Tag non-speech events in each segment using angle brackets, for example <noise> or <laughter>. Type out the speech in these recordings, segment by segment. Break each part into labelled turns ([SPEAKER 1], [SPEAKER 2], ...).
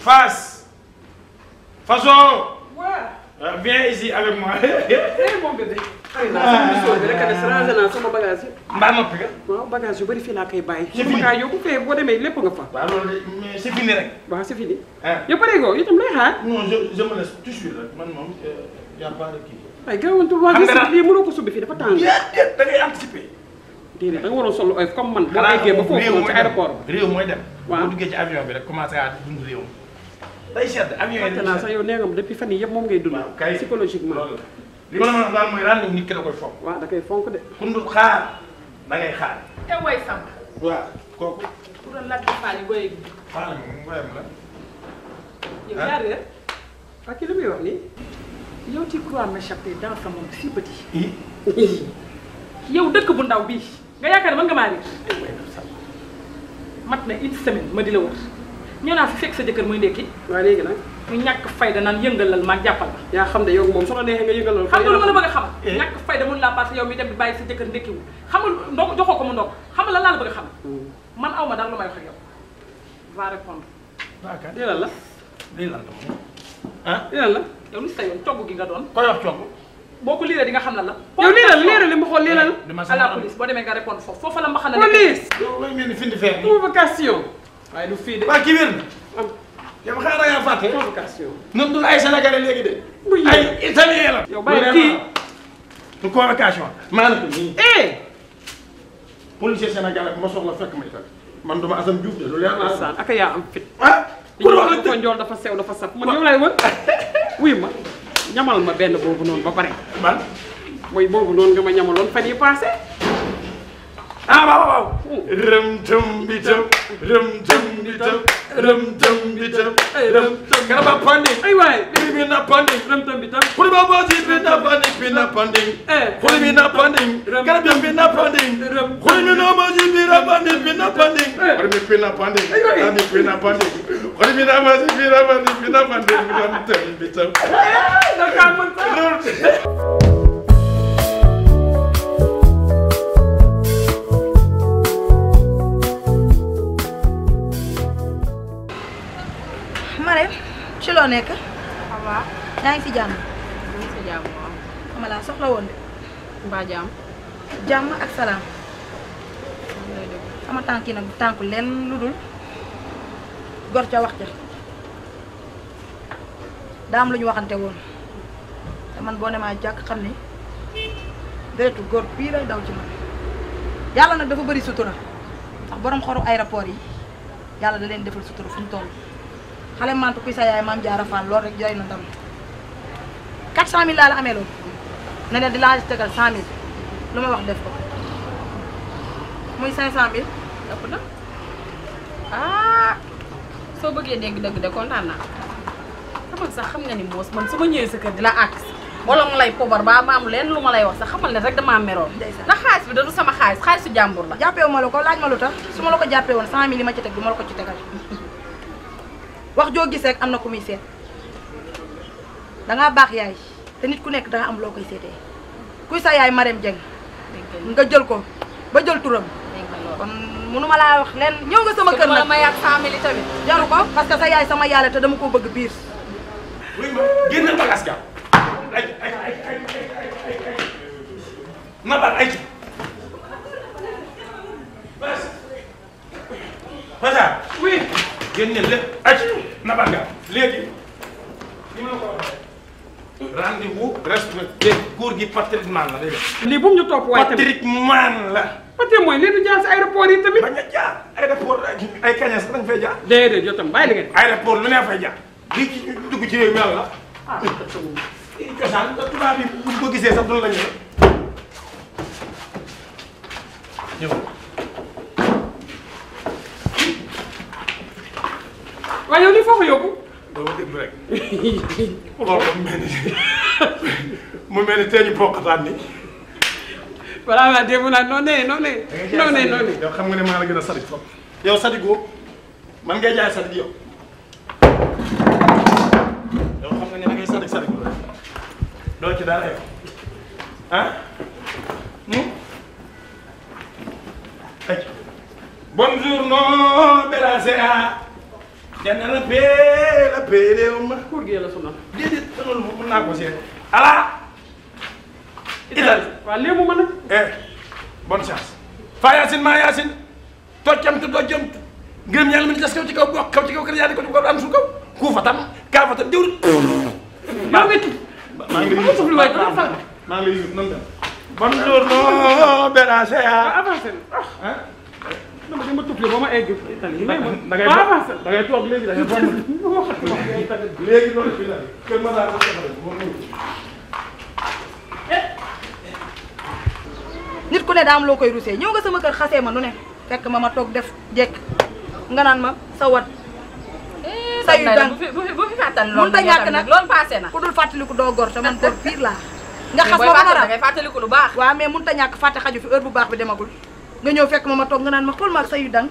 [SPEAKER 1] face.
[SPEAKER 2] Façon. Ouais. Euh, viens ici avec moi. <laughs> eh
[SPEAKER 1] mon bébé. xëy na émission bi rek a des rangé naa sama
[SPEAKER 2] bagage yi. mbaa noppi nga. waaw bagage yu bëri fii laa koy bàyyi. c' est fini sama yóbbu fee boo demee lépp nga fa. waaw loolu de mais c' est fini rek. waaw c' est fini. yow pare ko itam lay xaar. non je je me laisse tout de suite rek man moom euh, y' a pas de kii. waaye gaawantul waa gis lii mënoo ko subbi fii dafa tàng. déedéet da ngay anticiper. déedéet da nga waroon solo oyof euh, comme man. boo déggee ba foofu ci aéroport bi réew mooy dem. waaw boo duggee ci avion bi rek commencé à dund réew. day sedd am yooyu fàtte naa sax yow depuis fan yii moom ngay dund. kay psychologiquement li ma la mën a daal mooy ràññeeku nit ki da koy fonk. waaw da koy fonk de. ku ndul xaar da xaar. te way sàmm. waaw kooku. yow yaa réer. parce que dans sa monde si petit. yow dëkk bu ndaw bii nga yaakaar ne nga maa mat na une semaine ma di la wër. ñëw naa fi fekk sa jëkkër muy ndekki waaye léegi nag mu ñàkk fayda naan yëngalal ma jàppal ma yaa xam ne yow moom soxna neexee nga yëngalal xam nga lu ma la bëgg a xamal eh. ñàkk fayda mun laa xam nga ko mu ndox xam nga la laa la bëgg hmm. man aw ma daal lu may wax ak yow va répondre lii lan la lii lan la ah. ah lii lan la yow lu sa yoon cogg gi nga doon koy wax cogg boo ko liiree di nga xam lan la yow lii lan lii lan li ma xool lii lan à la police boo demee nga répondre foofu foofu la mbaxana police loolu ngeen di findi fee provocation waaye du fii de. waa kii wér na. yow xanaa da ngaa fàtte. convocation. ñun du ay sénégalais léegi de. ay italien la. yow bàyyi kii du convocation maanaam. eh. policier sénégalais bu ma soxla fekk ma itam man duma Assane Diouf de lu leer naa. Assane ak yaa am fit. Ah, pour wax la ko dafa sew dafa saf man yow lay wër. <laughs> wuy ma ñamal ma benn boobu noonu ba pare. mooy boobu noonu nga ma ñamaloon fan yi paase. ah waaw waaw rëm tëm bi tëm rëm tëm bi tëm rëm tëm bi tëm rëm tëm kanaba pandi ay waay bi bi na pandi rëm tëm bi tëm kuri ba bosi bi na pandi bi na pandi kuri bi na pandi kanaba bi na pandi kuri mi no bosi bi na pandi bi na pandi kuri mi bi na pandi kanaba bi na pandi kuri mi na bosi bi na pandi bi na pandi rëm tëm bi
[SPEAKER 1] tëm
[SPEAKER 3] loo nekk. waaw. yaa ngi jàmm. yaa soxla woon de. mbaa jàmm. jàmm ak salaam. sama tànk nag tànku leen lu dul gor ca wax ca daa am lu ñu waxante woon te man boo ne maa jàkk xam ni deretu góor bii lay daw ci man yàlla nag dafa bëri sutura ndax borom xoru aéroport yi yàlla da leen defal sutura fu ñu toll. xale mantu kuy sa yaay maam jaara faal loolu rek jooy na ndam 400000 laa la amee loolu ne leen di laa tegal 100000 lu ma wax def ko muy 500000 ëpp na ah soo bëggee dégg dëgg de kontaan naa xamal sax xam nga ni moos ma ñëwee sa kër di la àgg wala mu lay pobar ba ma am leen lu ma lay wax sax xamal ne rek damaa meroon ndax xaalis bi dadu sama xaalis xaalisu jàmbur la jàppewu la ko laaj ma lu tax su ma la ko jàppee woon 100000 li ma ci teg du ma la ko ci tegal <laughs> wax joo gis am na ku muy seet dangaa baax yaay te nit ku nekk danga am loo koy seetee kuy sa yaay Marème Dieng nga jël ko ba jël turam kon mënuma laa wax leen ñëw nga sama kër nag ma yàgg famille tamit jaru ko parce que sa yaay sama yaale te dama koo bëgg biir génn bagaas ga ay ay
[SPEAKER 2] ay ay nabar nga léegi li ma la ko waxee. rendez-vous respecté góor gi patrimoine la day def. lii bu mu ñu topp waaye tamit patrimoine la. patrimoine mooy lii du jaar si aéroport yi bañ a jaar aéroport ay kaña sax dañ fay jaar. déedéet yow tam bàyyi li ngeen. aéroport lu ne fay jaar. lii ci dugg ci réew mi la. ah cosaan tubaab yi bu ko gisee sax dund la ñu ñëw. waaye yow lii mu mel ni mu mel ni tey ñu bokkataan ni. voilà waaw dégg naa non nee non nee. non nee non nee yow xam nga ne maa la gën a sadik foofu. yow sadikoo man ngay jaay sadik yow. yow xam nga ne da ngay sadik sadik loolu doo ci dara yow ah. Hmm?
[SPEAKER 1] bonjour non
[SPEAKER 2] Bella dana la bee la bee réew ma. kuur gi la sonal. déedéet sonal ma mën naa ko seet. ala. ital waaw léemu ma nag. eh bonne chance. faa yaasin maa yaasin. toccamtu doccamtu. ngërëm yàlla mën tas kaw ci kaw bokk kaw ci kaw kër yaa di ko ko am suñu kaw. kuufatam kaafatam diwlu. maa ngi lay maa ngi lay bon jour. avancé dama dama tukki ba ma egg Italie da ngay da ngay toog léegi da ngay wax <laughs> léegi loolu fi la kër ma daal
[SPEAKER 3] nit ku ne daa am loo koy rusee ñëw nga sama kër xasee ma nu ne fekk ma ma toog def jekk nga naan ma sa wat eh, sayu dang bu fi fàttali loolu mënta ñàkk nag loolu passé na ku dul fàttaliku doo góor te <laughs> laa nga xas ma ba ma rab waaw mais mënta ñàkk fàtte xaju fi heure bu baax bi demagul nga ñëw fekk ma ma toog nga naan ma xool ma sa yu dang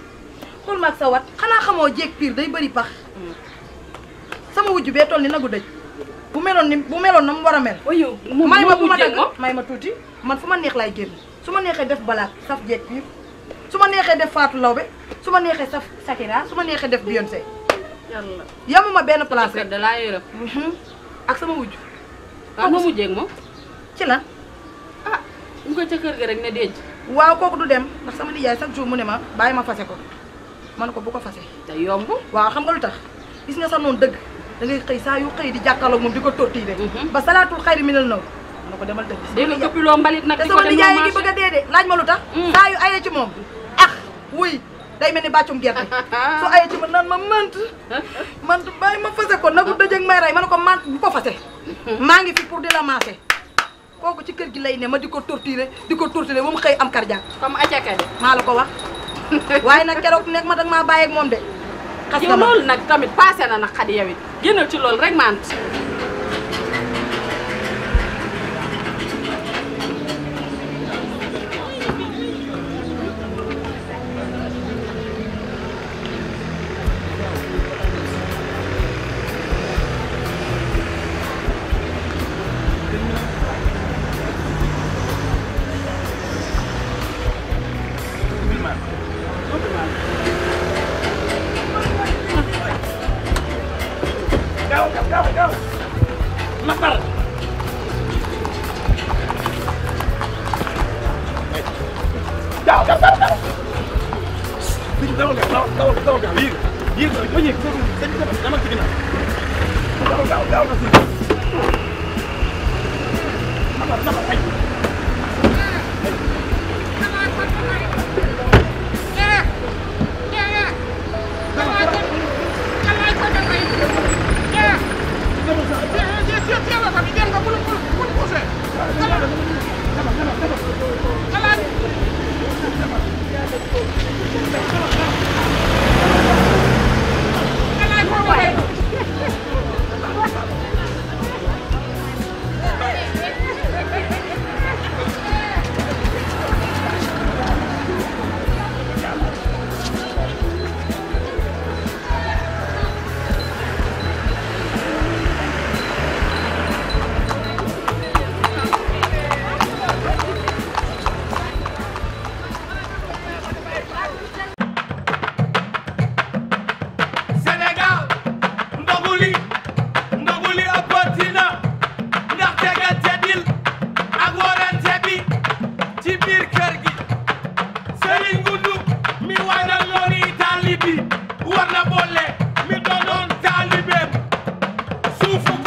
[SPEAKER 3] xool ma ak sa wat xanaa xamoo jéeg piir day bëri pax sama wujju bee toll ni nagu dëj bu meloon ni bu meloon na mu war a mel may ma bu ma dagg may ma tuuti man fu ma neex lay génn su ma neexee def balaat saf jéeg piir su ma neexee def Fatou Lawbe su ma neexee saf Shakira su ma neexee def Beyoncé yamuma benn place rek da laa yërëm mhm. ak sama wujju waaw ah, ma mujjee ak moom ci lan ah ñu ko ca kër ga rek ne denc waaw kooku du dem ndax sama nijaay chaque jour mu ne ma bàyyi ma fase ko man ko bu ko fase day yomb waaw xam nga lu tax gis nga sa noon dëgg da ngay xëy saa yu xëy di jàkkaarloog moom di ko torturé mhm. ba salaatul xayri minal naw na ko demal dëgg dégg nga këpp loo mbalit nag te sama nijaay yi ngi bëgg a dee de laaj ma lu tax mm. saa yu ayee ci moom ah wuy day mel ni bàccum gerte <laughs> su ayee ci ma naan ma mant <laughs> mant bàyyi ma fase ko nagu dëjëg may rey ma ne ko mant bu ko fase mm-hmm. maa ngi fi pour di la maase kooku ci kër gi lay ne ma di ko torturer di ko torturer ba mu xëy am cardiaque. comme acakay. maa la ko wax waaye nag keroog nekk ma dag maa bàyyeeg moom de. xas na ma yow nag tamit passé na nag xadi yow it génnal ci lool rek maa
[SPEAKER 1] Go, go, go, go. Makar. Go, go, go, go. Dawal nga, dawal, dawal, dawal nga. Yéeg, yéeg, ba ñëw, dama ci ginnaaw. Dawal, dawal, dawal. Come on. suufu